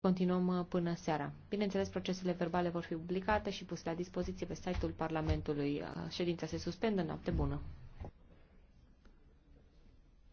Continuăm uh, până seara. Bineînțeles, procesele verbale vor fi publicate și puse la dispoziție pe site-ul Parlamentului. Uh, ședința se suspendă. Noapte bună!